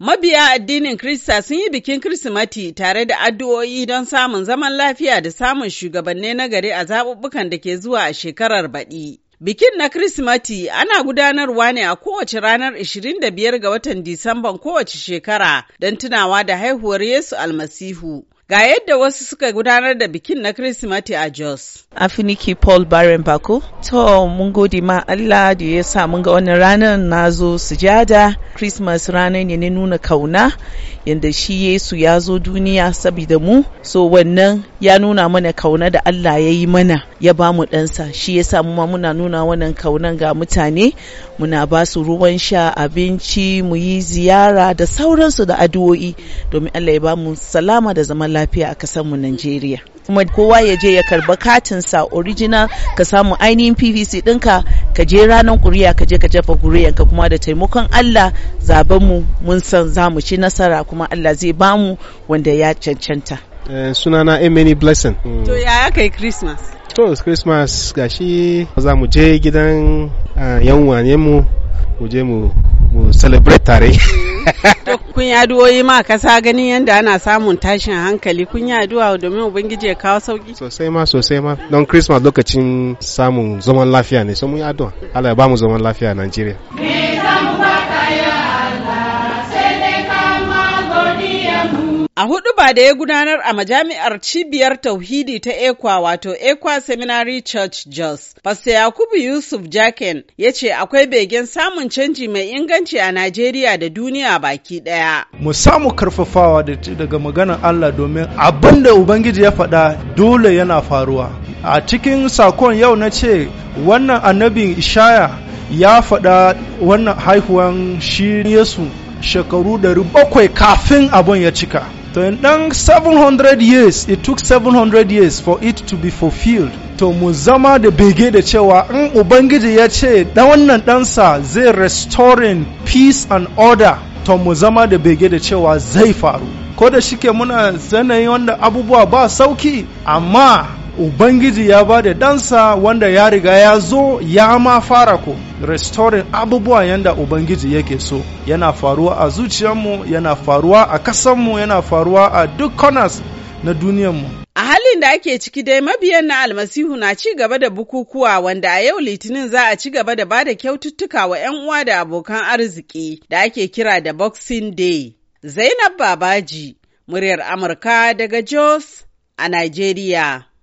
Mabiya addinin Krista sun yi bikin Kirsimati tare da addu'o'i don samun zaman lafiya da samun shugabanni na gari a zaɓuɓɓukan da ke zuwa a shekarar baɗi. Bikin na Kirsimati ana gudanarwa ne a kowace ranar 25 ga watan Disamban kowace shekara don tunawa da haihuwar Yesu Almasihu. Ga yadda wasu suka gudanar da bikin na Kirsimati a Jos. Afiniki Paul Barren Bako. To, mun gode ma Allah da ya sa mun ga wannan ranar na zo sujada. Christmas ranar ne na nuna kauna, yadda shi Yesu ya zo duniya saboda mu. So, wannan ya nuna mana kauna da Allah ya yi mana. ya ba mu ɗansa shi ya samu ma muna nuna wannan kaunan ga mutane muna ba su ruwan sha abinci mu yi ziyara da sauransu da addu'o'i domin Allah ya ba mu salama da zaman lafiya a kasar mu Najeriya kuma kowa ya je ya karba katin sa original ka samu ainihin PVC ɗinka ka je ranar kuriya ka je ka jefa kuriyanka kuma da taimakon Allah zaben mu mun san za mu ci nasara kuma Allah zai ba mu wanda ya cancanta eh, sunana Emeni Blessing. To yaya kai Christmas? to christmas gashi za mu je gidan yan wane mu mu je mu celebrate tare kun yi addu'o'i ma kasa ganin yadda ana samun tashin hankali kun yi addu'a domin ubangiji ya kawo sauki sosai ma sosai ma don christmas lokacin samun zaman lafiya ne so mun ya addu'a Allah ya ba mu zaman lafiya a Najeriya me za mu A hudu ba da ya gudanar a majami'ar cibiyar tauhidi ta Ekwa wato Ekwa Seminary Church Jos, Pastor Yakubu Yusuf Jaken ya ce akwai begen samun canji mai inganci a Najeriya da duniya baki daya. Mu samu karfafawa daga maganar Allah domin abin da Ubangiji ya faɗa dole yana faruwa. A cikin sakon yau na ce wannan annabin Ishaya ya faɗa wannan haihuwan shi Yesu shekaru 700 kafin abin ya cika. to ɗan 700 years it took 700 years for it to be fulfilled to mu zama da bege da cewa in ubangiji ya ce dan wannan ɗansa zai restoring peace and order to mu zama da bege da cewa zai faru ko da shike muna zanayi wanda abubuwa ba sauki amma ubangiji ya ba da ɗansa, wanda ya riga ya zo ya ma fara ko restoring abubuwa yanda ubangiji yake so yana faruwa a zuciyarmu yana faruwa a kasanmu yana faruwa a duk corners na duniyarmu a halin da ake ciki dai mabiyan na almasihu na ci gaba da bukukuwa wanda a yau litinin za a ci gaba da ba da kyaututtuka wa 'yan uwa da abokan arziki da ake kira da boxing day zainab babaji muryar amurka daga jos a nigeria